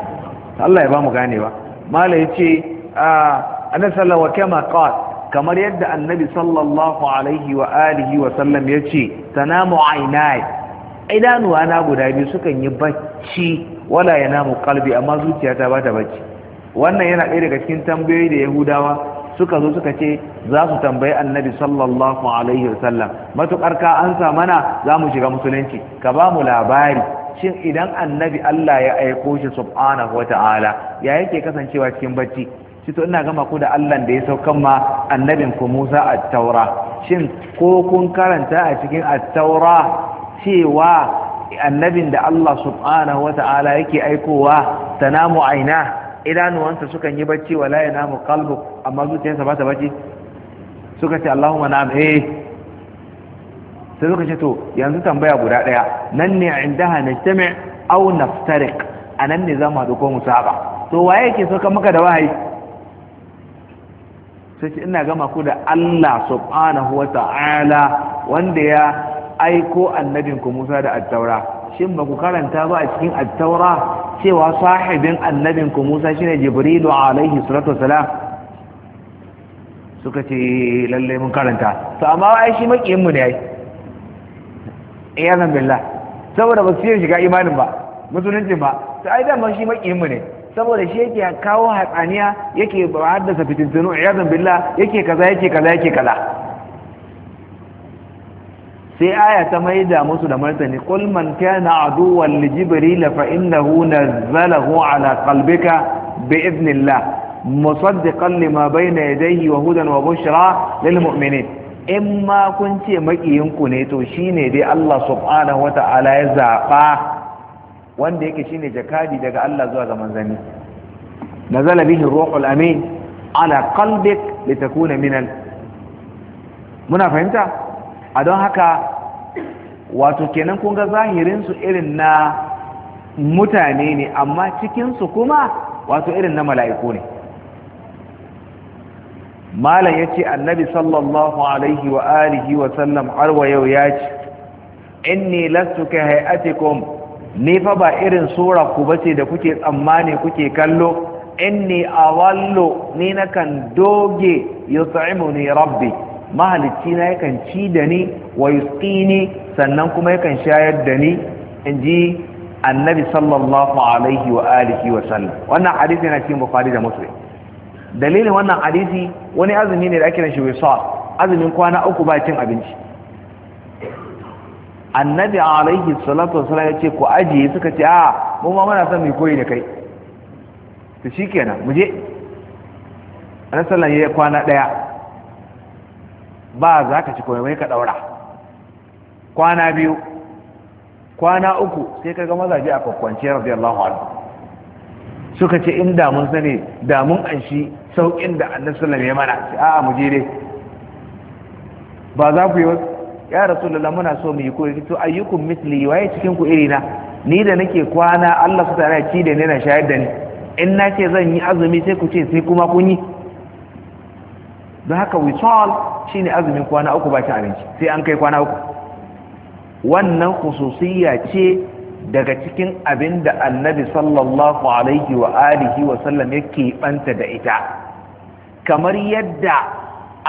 Allah ya ba mu ganewa mala yace ah, annabi sallallahu wa kama qal kamar yadda annabi sallallahu alaihi wa alihi wa sallam yace tanamu aynai idanuwa na guda biyu sukan yi bacci wala yanamu kalbi amma zuciya ta bata bacci wannan yana ɗaya daga cikin tambayoyi da yahudawa suka zo suka ce za su tambayi annabi sallallahu alaihi wa sallam. matukar ka an sa mana za mu shiga musulunci ka ba mu labari shin idan annabi Allah ya aiko shi subhanahu wata'ala ya yake kasancewa cikin bacci shi to ina gama ku da Allah da ya saukan ma annabin ku Musa at-Taura shin ko kun karanta a cikin at-Taura cewa annabin da Allah subhanahu wata'ala yake aikowa tanamu aina idanuwansa sukan yi bacci wala yanamu qalbu amma zuciyarsa ba ta bacci suka ce Allahumma na'am eh sai suka ce to yanzu tambaya guda ɗaya nan ne a inda indaha najtami' aw a nan ne mu haɗu ko musaba to waye yake so ka maka da wahayi sai ce ina gama ku da Allah subhanahu wa ta'ala wanda ya aiko annabin ku Musa da attaura shin ba ku karanta ba a cikin attaura cewa sahibin annabin ku Musa shine Jibrilu alaihi salatu wasalam suka ce lalle mun karanta to amma ai shi makiyin mu ne ai iyalan billah saboda ba su yi shiga imanin ba musuluncin ba su ai daman shi makiyin mu ne saboda shi yake kawo hatsaniya yake ba haddasa fitintunu iyalan billah yake kaza yake kaza yake kaza sai aya ta maida musu da martani qul man kana aduwwan li jibril fa innahu nazzalahu ala qalbika bi idnillah musaddiqan lima bayna yadayhi wa hudan wa bushra lil mu'minin in ma kun ce makiyinku ne to shine dai Allah subhanahu Ta'ala ya zaɓa wanda yake shine jakadi daga Allah zuwa ga manzanni nazala bihi ruhul amin ala qalbik litakuna minal muna fahimta a don haka wato kenan kun ga zahirin su irin na mutane ne amma cikinsu kuma wato irin na mala'iku ne malam ya ce annabi sallallahu alaihi wa alihi wa sallam har yau ya ce inni lastu ka hay'atikum ni fa ba irin sura ku bace da kuke tsammani kuke kallo inni awallu ni nakan doge ni rabbi mahalicci na yakan ci da ni wa yusqini sannan kuma yakan shayar da ni inji annabi sallallahu alaihi wa alihi wa sallam wannan hadisi na cikin bukhari da muslim dalilin wannan hadisi wani azumi ne da ake shi wisal azumin kwana uku ba cin abinci annabi alaihi salatu wasala ya ce ku ajiye suka ce a mu ma muna son mu koyi da kai to kenan mu je annabi ya yi kwana daya ba za ka ci mai ka daura kwana biyu kwana uku sai kaga mazaje a kwakwance radiyallahu anhu suka ce in damun mun sani da mun anshi saukin da annabi sallallahu alaihi wasallam ya mana a'a mu je dai ba za ku yi wasu? ya rasulullah muna so mu yi ko to ayyukum misli waye cikin ku irina ni da nake kwana Allah su tare ci da ni na shayar da ni in na ce zan yi azumi sai ku ce sai kuma kun yi don haka wisal ne azumin kwana uku ba ci abinci sai an kai kwana uku wannan khususiyya ce daga cikin abin da annabi sallallahu alaihi wa alihi wa sallam ya keɓanta da ita kamar yadda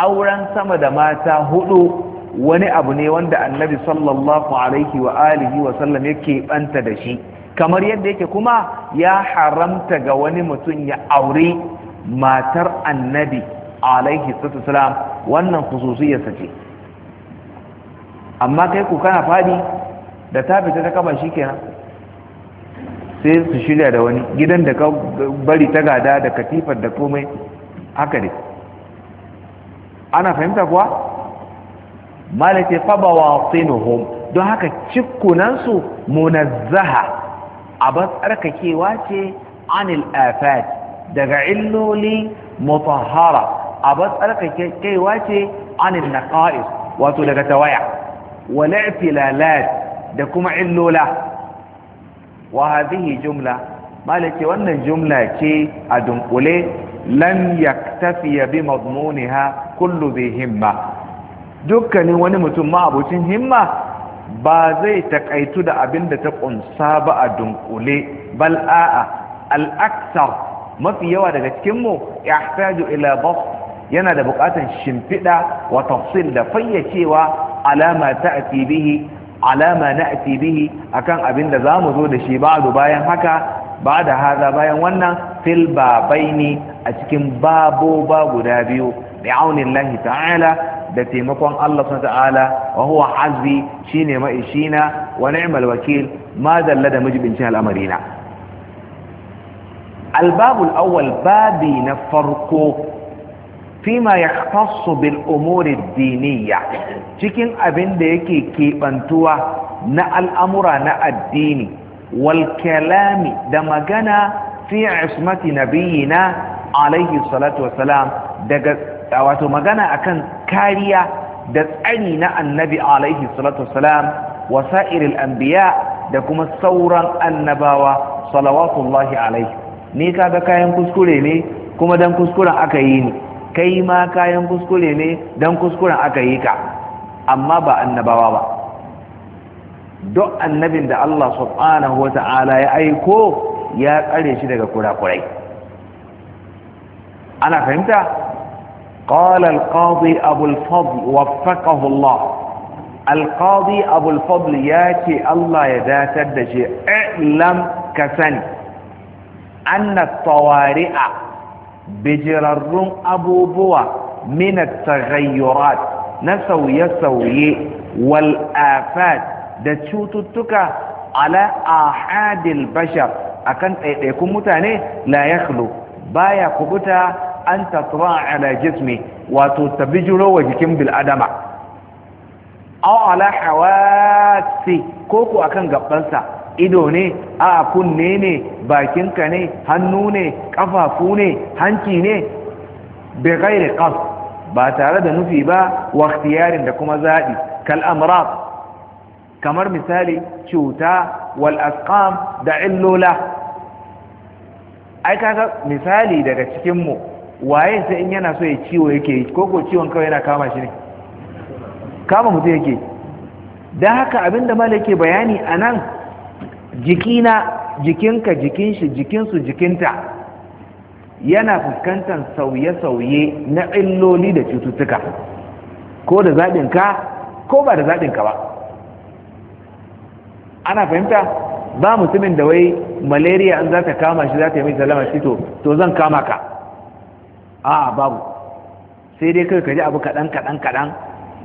auren sama da mata hudu wani abu ne wanda annabi sallallahu alaihi wa alihi wa sallam ya keɓanta da shi kamar yadda yake kuma ya haramta ga wani mutum ya aure matar annabi alaihi sallam wannan khususiyarsa ce amma kai ku kana fadi da ta fita ta kaba shi kenan sai su shirya da wani gidan da ka bari ta gada da katifar da komai haka ne ana fahimta kuwa malaka fabawa sinuhum don haka cikunansu munazzaha abin tsarkakewa ce anil afat daga illoli mutahara abin tsarkakewa ce anil naqa'is wato daga tawaya wal da kuma illola wa hadhihi jumla malaki wannan jumla ce a dunkule lan ya bi madmuniha kullu bi himma dukkanin wani mutum ma abocin himma ba zai takaitu da abin da ta kunsa ba a dunkule bal a'a al-aksar mafi yawa daga cikin mu yahtaju ila yana da bukatan shimfiɗa wa tafsil da fayyacewa alama ta'ati bihi alama na ake bihi akan abin da za mu zo da shi ba'adu bayan haka ba da haza bayan wannan fil babaini a cikin baboba guda biyu bi aunillahi ta'ala da taimakon Allah subhanahu ta'ala wa huwa hazbi shine ma'ishina wa ni'mal wakil ma dalla da mujibinci al'amarina albabul awwal babi na farko fima ya tasu bil umuri diniya cikin abin da yake keɓantuwa na al'amura na addini wal kalami da magana fi ismati nabiyina alaihi salatu wasalam daga wato magana akan kariya da tsari na annabi alaihi salatu wasalam wasa'iril anbiya da kuma sauran annabawa salawatullahi alaihi ni kaga kayan kuskure ne kuma dan kuskuren aka yi ni kai ma kayan kuskure ne don kuskuren aka yi ka amma ba annabawa ba duk annabin da Allah subhanahu wa ta'ala ya aiko ya tsare shi daga kurakurai ana fahimta قال القاضي أبو الفضل وفقه الله القاضي أبو الفضل ياتي الله يداتد شيء اعلم كسن أن الطوارئ bijirarrun abubuwa mina taghayyurat na sauye-sauye wal da cututtuka ala ahadil bashar akan ɗaiɗaikun mutane la baya kubuta an tatra ala jismi wato ta bijiro wa jikin bil'adama aw ala hawasi ko ku akan gabansa ido ne a kunne ne bakinka ne hannu ne ƙafafu ne hanci ne bai gairi ƙas ba tare da nufi ba wa da kuma kal kal'amurat kamar misali cuta asqam da illola ai kaga misali daga cikinmu waye sai in yana so ya ciwo yake yi ko ko ciwon kawai yana kama shi ne kama mutum yake Don haka abinda mala yake bayani a nan jikina jikinka jikin shi jikinsu jikinta yana fuskantar sauye-sauye na illoli da cututtuka ko da zaɓinka ko ba da zaɓinka ba ana fahimta ba mutumin da wai malaria an za ta kama shi za ta yi mai salama shi to zan kama ka a babu sai dai kai ka ji abu kaɗan kaɗan kaɗan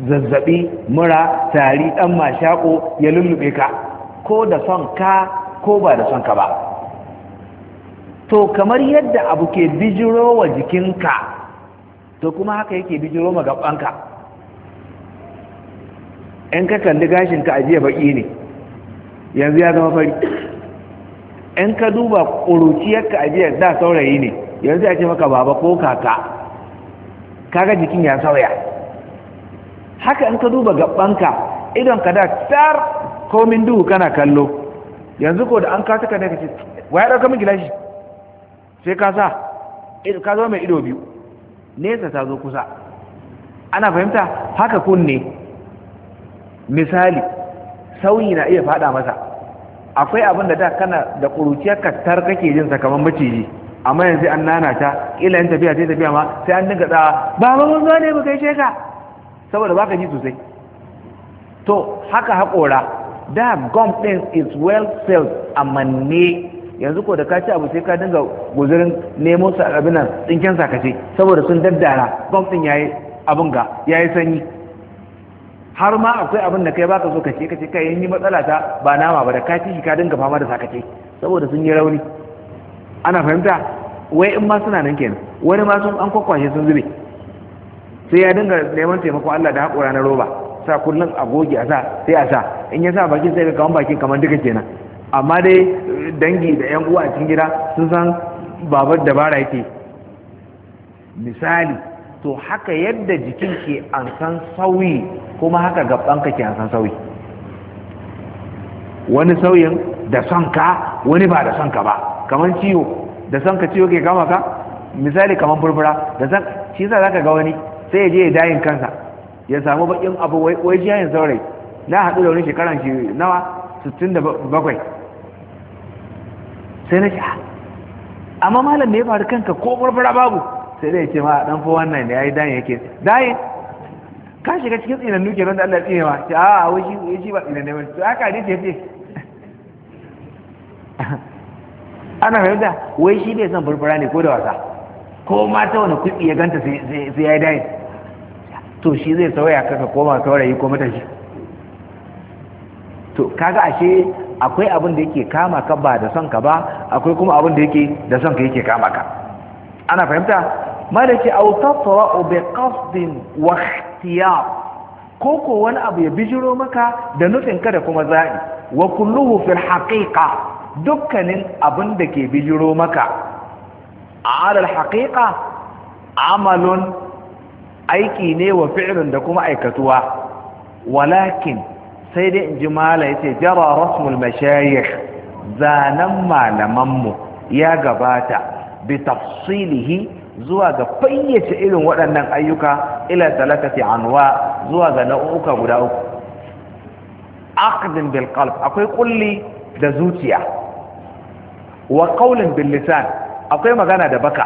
zazzaɓi mura tari ɗan mashaƙo ya lullube ka ko da son ka ko ba da son ka ba to kamar yadda abu ke bijiro wa jikinka to kuma haka yake bijiro ma gabanka Yan ka kalli gashinka ajiye baƙi ne yanzu ya zama fari Yan ka duba ƙuruciyarka ajiye da saurayi ne yanzu ya ce maka baba ko kaka kaga jikin ya sauya haka in ka duba gabanka idan ka da tsar komin duhu kana kallo yanzu ko da an ka daga ne waya ɗauka min gilashi sai ka sa ka zo mai ido biyu nesa ta zo kusa ana fahimta haka kunne misali sauyi na iya fada masa akwai abin da da kana da ƙuruciyar kattar kake jin sakamakon maciji amma yanzu an nana ta ila yin tafiya sai tafiya ma sai an dinga tsawa ba ba mun zo ne mu kai sheka saboda baka ji sosai to haka haƙora da gum ɗin is well sealed a yanzu ko da ka ci abu sai ka dinga guzurin nemo sa abin nan tsinken sakace saboda sun daddara gum din yayi abin ga yayi sanyi har ma akwai abin da kai baka so kace kace kai yin matsala ta ba nama ba da ka ci ka dinga fama da sakace saboda sun yi rauni ana fahimta wai in ma suna nan kenan wani ma sun an kwakwashe sun zube sai ya dinga neman taimako Allah da haƙura na roba sa kullum a goge a sa sai a sa in ya sa bakin sai ga kawan bakin kamar duka kenan amma dai dangi da yan uwa a cikin gida sun san babar dabara yake misali to haka yadda jikin ke an san sauyi kuma haka gabanka ke an san sauyi wani sauyin da son ka wani ba da son ka ba kamar ciwo da son ka ciwo ke kama ka misali kamar furfura da son shi za ka ga wani sai ya je ya dayin kansa ya samu bakin abu wai shi yayin saurayi na haɗu da wani shekaran shi nawa 67 sai na sha ah, amma malam ne ya faru kanka ko farfara babu sai dai ce ma dan fa wannan da ya yi dan yake dai ka shiga cikin tsinan nuke don da Allah ya tsine ma ce a ah, wai shi ce ba tsinan ne ba to haka ne ce ce (laughs) ana fahimta wai shi bai son farfara ne ko da wasa ko ma ta wani kuɗi ya ganta sai ya yi dai to shi zai sauya kaka koma saurayi ko matashi to kaga ashe akwai abin da yake kama ka ba da son ka ba akwai kuma abin da yake da son ka yake kama ka ana fahimta malaki aw tatra bi qasdin wa ikhtiyar koko wani abu ya bijiro maka da nufin ka da kuma zabi wa kulluhu fil haqiqa dukkanin abin da ke bijiro maka ala al haqiqa amalun aiki ne wa fi'lun da kuma aikatuwa walakin sai dai in ji mala ya ce jara rasmul mashayikh zanen malamanmu ya gabata bi tafsilihi zuwa ga fayyace irin waɗannan ayyuka ila talatati anwa zuwa ga nau'uka guda uku aqdin bil qalb akwai kulli da zuciya wa qawlin bil lisan akwai magana da baka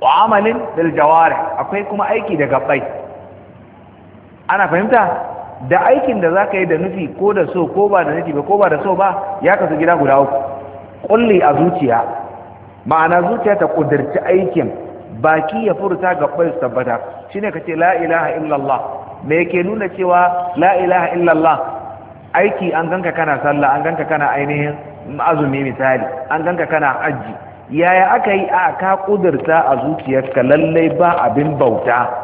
wa amalin bil jawarih akwai kuma aiki da gabbai ana fahimta da aikin da za ka yi da nufi ko da so ko ba da nufi ba ko ba da so ba ya kasu gida guda uku kulli a zuciya ma'ana zuciya ta kudirci aikin baki ya furta gabbai su tabbata shine kace la ilaha illallah me yake nuna cewa la ilaha illallah aiki an ganka kana sallah an ganka kana ainihin azumi misali an ganka kana hajji yaya aka yi a ka kudurta a zuciyarka lallai ba abin bauta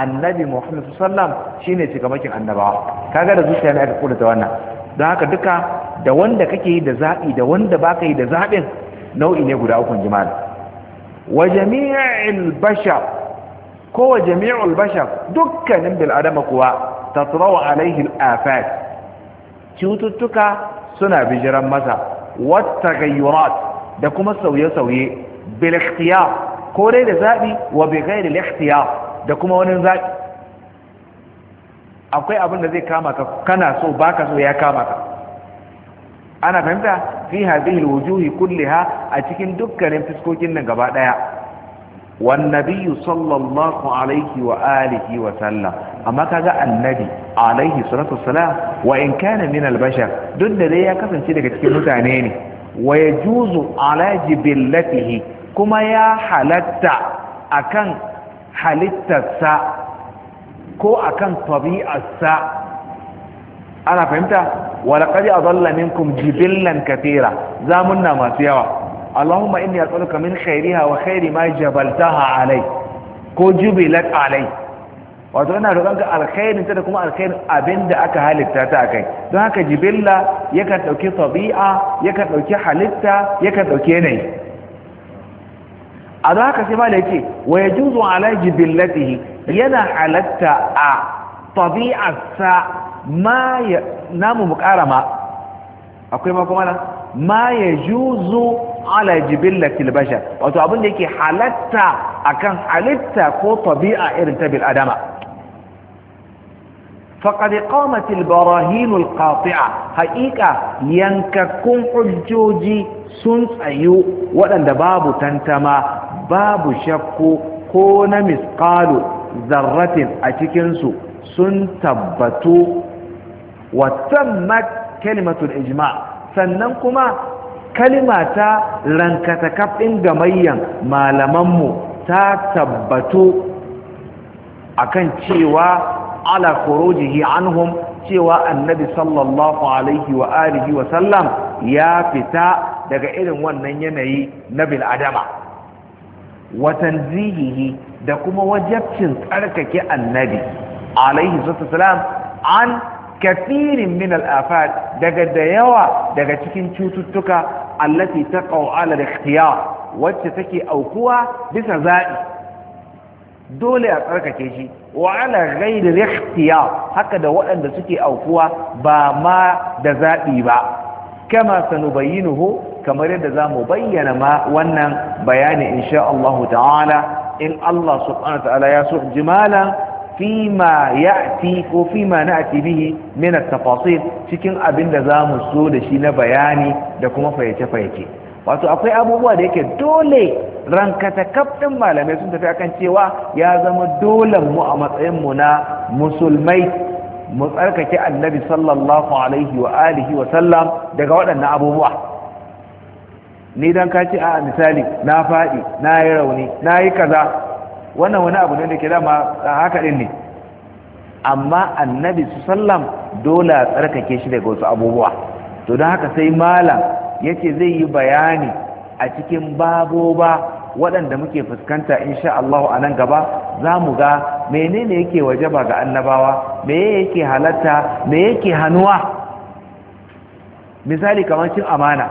annabi Muhammad sallam shine cikamakin annabawa kaga da zuciya na aka kula da wannan don haka duka da wanda kake yi da zaɓi da wanda baka yi da zaɓin nau'i ne guda ukun jima'a wa jami'il bashar ko wa jami'ul bashar dukkanin bil adama kuwa tatrawa alaihi al-afat cututtuka suna bijiran masa wata gayyurat da kuma sauye-sauye bil ikhtiyar ko dai da zaɓi wa bi ghairi al ikhtiyar da kuma wani zaɓi akwai abin da zai kama ka kana so baka so ya kama ka ana fahimta fi hadhihi wujuhi kulliha a cikin dukkanin fiskokin nan gaba daya wan nabiyyu sallallahu alaihi wa alihi wa sallam amma kaga annabi alaihi salatu wassalam wa in kana min albashar duk da dai ya kasance daga cikin mutane ne wa yajuzu ala jibillatihi kuma ya halatta akan halittarsa ko akan tabi'arsa ana fahimta walaqad adalla minkum jibillan katira zamunna masu yawa Allahumma inni as'aluka min khairiha wa khairi ma jabaltaha alai ko jubilat alai wato ina roƙon ka alkhairin ta da kuma alkhairin abinda aka halitta ta kai don haka jibilla yakan dauki tabi'a yakan dauki halitta yakan dauki yanayi a za haka sai ma da wa ya juzo ala jibillatihi yana halatta a tabi'arsa ma ya namu mu ƙara ma akwai ma kuma ma ya juzo ala jibillatil bashar wato abin da yake halatta akan halitta ko tabi'a irin ta bil adama فقد قامت البراهين القاطعة حقيقة ينككم حجوجي sun أيو ولن babu tantama. babu shakko ko na misqalu zarratin a cikinsu sun tabbatu watammat kalimatul ijma' sannan kuma kalima ta rankatakaf ɗin gamayyan malamanmu ta tabbatu akan cewa ala khurujihi anhum cewa annabi sallallahu alaihi wa alihi wa sallam ya fita daga irin wannan yanayi na bil adama Watan tanzihihi da kuma wajabcin tsarkake annabi alaihi sallam an kathirin min al-afat daga da yawa daga cikin cututtuka allati taqaw ala al-ikhtiyar wacce take aukuwa bisa za'i dole a tsarkake shi wa ala ghairi haka da waɗanda suke aukuwa ba ma da zaɓi ba kama sanubayyinuhu kamar yadda za mu bayyana ma wannan bayanin insha'Allahu ta'ala in Allah subhanahu ta'ala ya so jimala fima ya'ti ko fima na'ti bihi min at-tafasil cikin abinda zamu so da shi na bayani da kuma fayyace fayyace wato akwai abubuwa da yake dole rankatakaf ɗin malamai sun tafi akan cewa ya zama dole mu a matsayin mu na musulmai mu tsarkake annabi sallallahu alaihi wa alihi wa sallam daga waɗannan abubuwa ni dan ka ce a misali na faɗi na yi rauni na yi kaza wannan wani abu ne da ke dama haka ɗin ne amma annabi sallam dole a tsarkake shi daga wasu abubuwa to don haka sai malam yace zai yi bayani a cikin baboba waɗanda muke fuskanta insha Allah a nan gaba za mu ga menene yake wajaba ga annabawa Me yake halatta me yake hannuwa misali kamar cin amana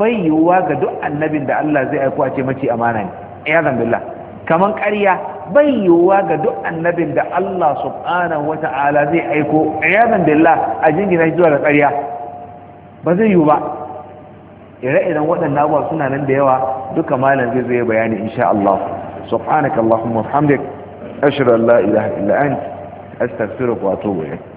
bai yiwuwa ga duk annabin da Allah zai aiko a ce mace amana ne ya zambilla kamar ƙarya bai yiwuwa ga duk annabin da Allah subhanahu ta'ala zai aiko ya zambilla a jingina shi zuwa da ƙarya ba zai yiwu ba ire-iren waɗannan abuwa suna nan da yawa duka malam zai zai bayani insha Allah subhanakallahumma wa bihamdik ashhadu an la ilaha illa anta astaghfiruka wa atubu ilayk